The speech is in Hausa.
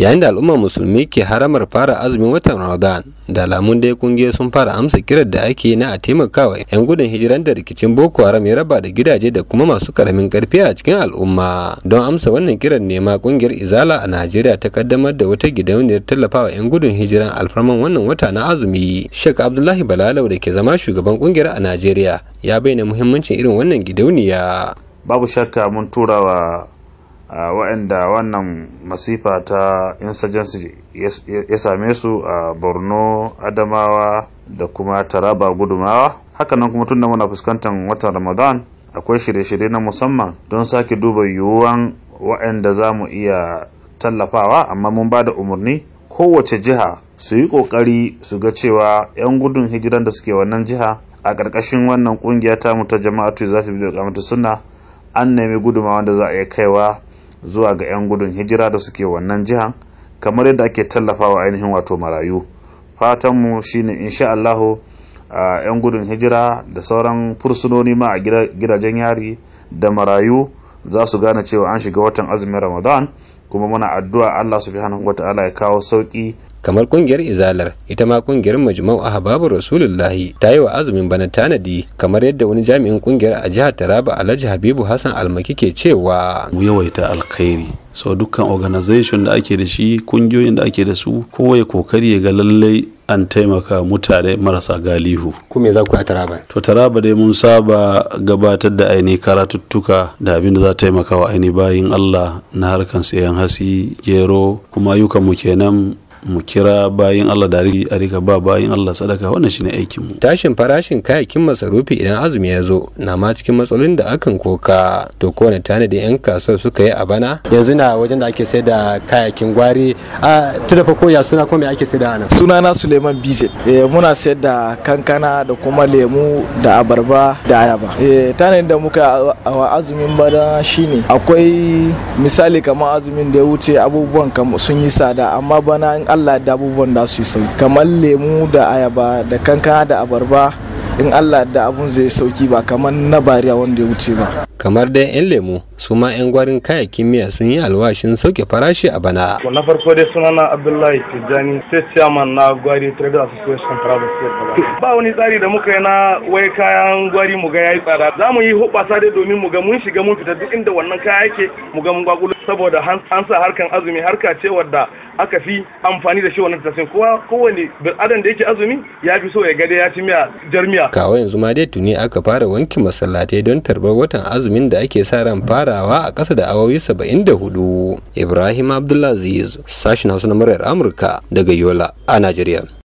yayin da al'ummar musulmi ke haramar fara azumin watan ramadan da alamun dai kungiyoyi sun fara amsa kiran da ake na a taimakawa yan gudun hijiran da rikicin boko haram ya raba da gidaje da kuma masu karamin karfi a cikin al'umma don amsa wannan kiran nema kungiyar izala a najeriya ta kaddamar da wata gidauniyar tallafawa yan gudun hijiran alfarman wannan wata na azumi shek abdullahi balalau da ke zama shugaban kungiyar a najeriya ya bayyana muhimmancin irin wannan gidauniya babu shakka mun turawa. Ah, wa'anda wannan masifa ta insurgency ya same su a borno adamawa da kuma taraba gudumawa hakanan kuma tunda muna fuskantar watan ramadan akwai shirye-shirye na musamman don sake duba yiwuwan wa'anda za mu iya tallafawa amma mun ba da umarni kowace jiha su yi ƙoƙari su ga cewa 'yan gudun hijiran da suke wannan jiha a ƙarƙashin wannan ƙungiya ta mu ta jama'atu za su bi da suna an nemi gudumawa da za a iya kaiwa zuwa ga 'yan gudun hijira da suke wannan jihan kamar yadda ake tallafawa ainihin wato marayu fatanmu shine insha Allahu a 'yan gudun hijira da sauran fursunoni ma a gidajen yari da marayu za su gane cewa an shiga watan azumin ramadan kuma muna addu'a Allah subhanahu ta'ala ya kawo sauki kamar kungiyar izalar ita ma kungiyar majma'u ahbabu rasulullahi ta yi wa azumin bana tanadi kamar yadda wani jami'in kungiyar a jihar taraba alhaji habibu hassan almaki ke cewa mu yawaita alkhairi so dukkan organization da ake da shi kungiyoyin da ake da su ya kokari ya ga lallai an taimaka mutane marasa galihu. Kuma za ku a Taraba? To Taraba dai mun saba gabatar da aini karatuttuka da abin da za taimaka wa aini bayin Allah na harkan siyan hasi, gero, kuma ayyukan mu kenan mu kira bayan Allah da a rika ba bayan Allah sadaka wannan shine aikin mu tashin farashin kayayyakin masarufi idan azumi ya zo na ma cikin matsalolin da akan koka to kowane tanadi yan kasuwar suka yi a bana yanzu na wajen da ake sayar da kayayyakin gwari a tuda fa koya suna ko me ake sayar da Suna na Suleiman Bize eh, muna sayar da kankana da kuma lemu da abarba da ayaba eh tanadin da muka a azumin bana shine akwai misali kamar azumin da ya wuce abubuwan kamar sun yi tsada amma bana allah da abubuwan da su yi sauki kamar lemu da ayaba da kankana da abarba in allah da abun zai sauki ba kamar na bariya wanda ya wuce ba kamar dai 'yan lemu su ma 'yan gwarin kayayyakin miya sun yi alwashin sauke farashi a bana. na farko dai suna na abdullahi tijjani state chairman na gwari trader association travel state ba wani tsari da muka yi na wai kayan gwari mu ga yayi tsada za mu yi hubasa dai domin mu ga mun shiga mun fita duk inda wannan kaya yake mu ga mun gwagulu saboda an sa harkan azumi harka ce wadda aka fi amfani da shi wannan tasirin kowa kowane adam da yake azumi ya fi so ya gade ya ci miya jar miya. kawai yanzu ma dai tuni aka fara wanki masallatai don tarbar watan azumin da ake sa ran fara farawa a ƙasa da awowi 74 ibrahim abdulaziz sashen hausa na muryar amurka daga yola a najeriya